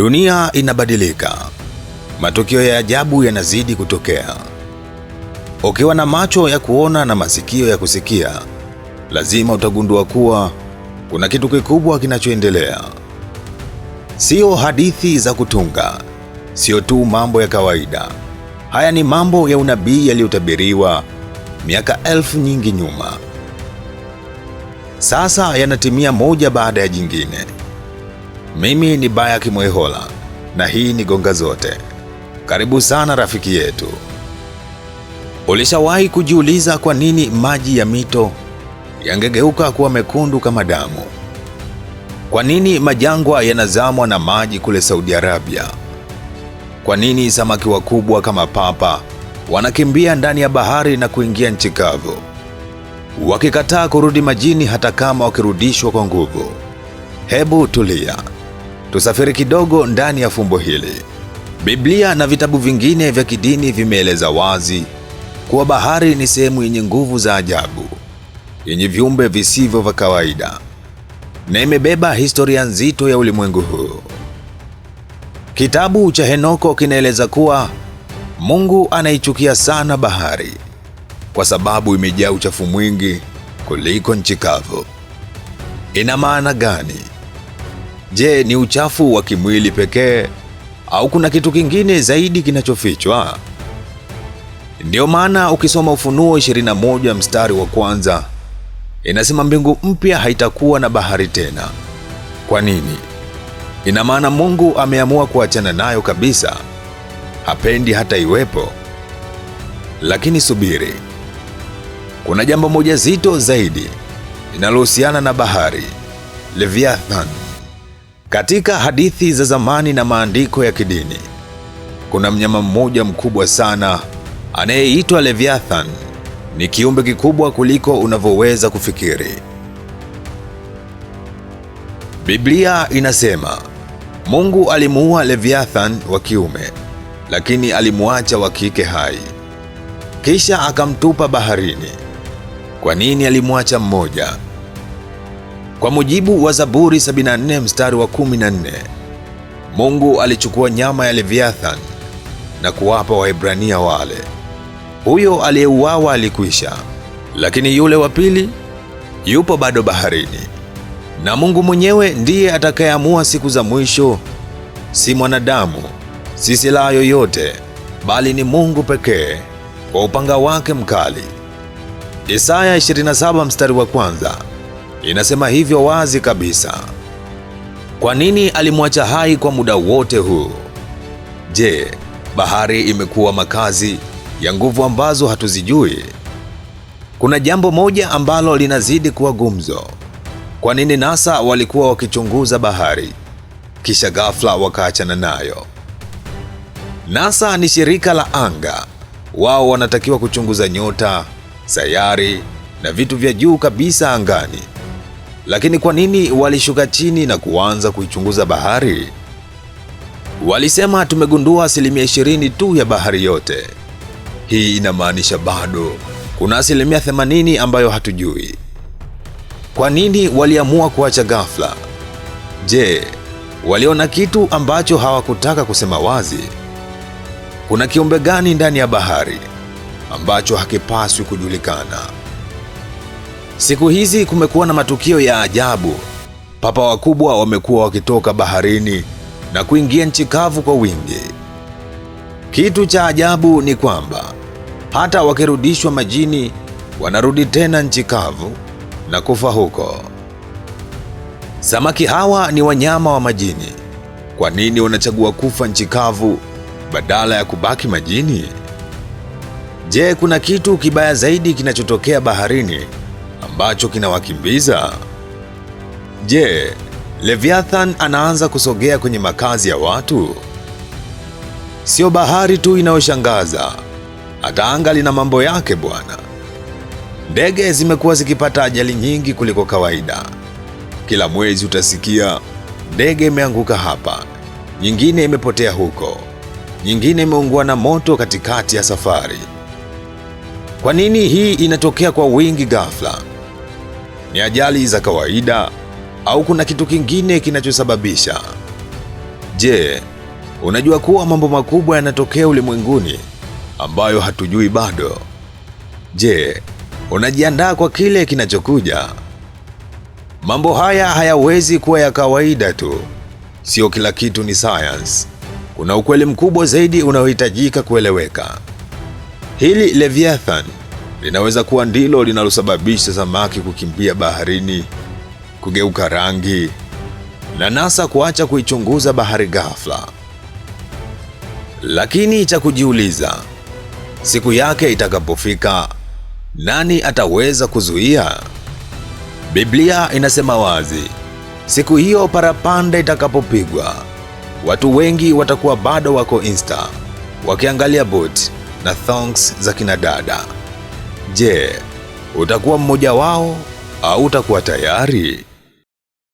Dunia inabadilika, matukio ya ajabu yanazidi kutokea. Ukiwa na macho ya kuona na masikio ya kusikia, lazima utagundua kuwa kuna kitu kikubwa kinachoendelea. Sio hadithi za kutunga, sio tu mambo ya kawaida. Haya ni mambo ya unabii yaliyotabiriwa miaka elfu nyingi nyuma, sasa yanatimia moja baada ya jingine. Mimi ni baya Mwehola na hii ni Gonga Zote. Karibu sana rafiki yetu. Ulishawahi kujiuliza kwa nini maji ya mito yangegeuka kuwa mekundu kama damu? Kwa nini majangwa yanazamwa na maji kule Saudi Arabia? Kwa nini samaki wakubwa kama papa wanakimbia ndani ya bahari na kuingia nchi kavu, wakikataa kurudi majini hata kama wakirudishwa kwa nguvu? Hebu tulia. Tusafiri kidogo ndani ya fumbo hili. Biblia na vitabu vingine vya kidini vimeeleza wazi kuwa bahari ni sehemu yenye nguvu za ajabu, yenye viumbe visivyo vya kawaida na imebeba historia nzito ya ulimwengu huu. Kitabu cha Henoko kinaeleza kuwa Mungu anaichukia sana bahari kwa sababu imejaa uchafu mwingi kuliko nchi kavu. Ina maana gani? Je, ni uchafu wa kimwili pekee au kuna kitu kingine zaidi kinachofichwa? Ndiyo maana ukisoma Ufunuo 21 mstari wa kwanza inasema mbingu mpya haitakuwa na bahari tena. Kwa nini? Ina maana Mungu ameamua kuachana nayo kabisa, hapendi hata iwepo. Lakini subiri, kuna jambo moja zito zaidi linalohusiana na bahari Leviathan. Katika hadithi za zamani na maandiko ya kidini, kuna mnyama mmoja mkubwa sana anayeitwa Leviathan. Ni kiumbe kikubwa kuliko unavyoweza kufikiri. Biblia inasema Mungu alimuua Leviathan wa kiume, lakini alimwacha wa kike hai, kisha akamtupa baharini. Kwa nini alimwacha mmoja kwa mujibu wa Zaburi 74 mstari wa 14, Mungu alichukua nyama ya Leviathan na kuwapa Waebrania wale. Huyo aliyeuawa alikwisha, lakini yule wa pili yupo bado baharini, na Mungu mwenyewe ndiye atakayeamua siku za mwisho, si mwanadamu, si silaha yoyote, bali ni Mungu pekee kwa upanga wake mkali. Isaya 27 mstari wa kwanza inasema hivyo wazi kabisa. Kwa nini alimwacha hai kwa muda wote huu? Je, bahari imekuwa makazi ya nguvu ambazo hatuzijui? Kuna jambo moja ambalo linazidi kuwa gumzo. Kwa nini NASA walikuwa wakichunguza bahari kisha ghafla wakaachana nayo? NASA ni shirika la anga. Wao wanatakiwa kuchunguza nyota, sayari na vitu vya juu kabisa angani. Lakini kwa nini walishuka chini na kuanza kuichunguza bahari? Walisema tumegundua asilimia ishirini tu ya bahari yote. Hii inamaanisha bado kuna asilimia ambayo hatujui. Kwa nini waliamua kuacha ghafla? Je, waliona kitu ambacho hawakutaka kusema wazi? Kuna kiumbe gani ndani ya bahari ambacho hakipaswi kujulikana? Siku hizi kumekuwa na matukio ya ajabu. Papa wakubwa wamekuwa wakitoka baharini na kuingia nchi kavu kwa wingi. Kitu cha ajabu ni kwamba hata wakirudishwa majini, wanarudi tena nchi kavu na kufa huko. Samaki hawa ni wanyama wa majini. Kwa nini wanachagua kufa nchi kavu badala ya kubaki majini? Je, kuna kitu kibaya zaidi kinachotokea baharini ambacho kinawakimbiza? Je, Leviathan anaanza kusogea kwenye makazi ya watu? Sio bahari tu inayoshangaza, hata anga lina mambo yake bwana. Ndege zimekuwa zikipata ajali nyingi kuliko kawaida. Kila mwezi utasikia ndege imeanguka hapa, nyingine imepotea huko, nyingine imeungua na moto katikati ya safari. Kwa nini hii inatokea kwa wingi ghafla? Ni ajali za kawaida au kuna kitu kingine kinachosababisha? Je, unajua kuwa mambo makubwa yanatokea ulimwenguni ambayo hatujui bado? Je, unajiandaa kwa kile kinachokuja? Mambo haya hayawezi kuwa ya kawaida tu. Sio kila kitu ni science. Kuna ukweli mkubwa zaidi unaohitajika kueleweka. Hili Leviathan linaweza kuwa ndilo linalosababisha samaki kukimbia baharini, kugeuka rangi na NASA kuacha kuichunguza bahari ghafla. Lakini cha kujiuliza, siku yake itakapofika, nani ataweza kuzuia? Biblia inasema wazi, siku hiyo parapanda itakapopigwa, watu wengi watakuwa bado wako Insta wakiangalia boti na thongs za kina dada. Je, utakuwa mmoja wao au utakuwa tayari?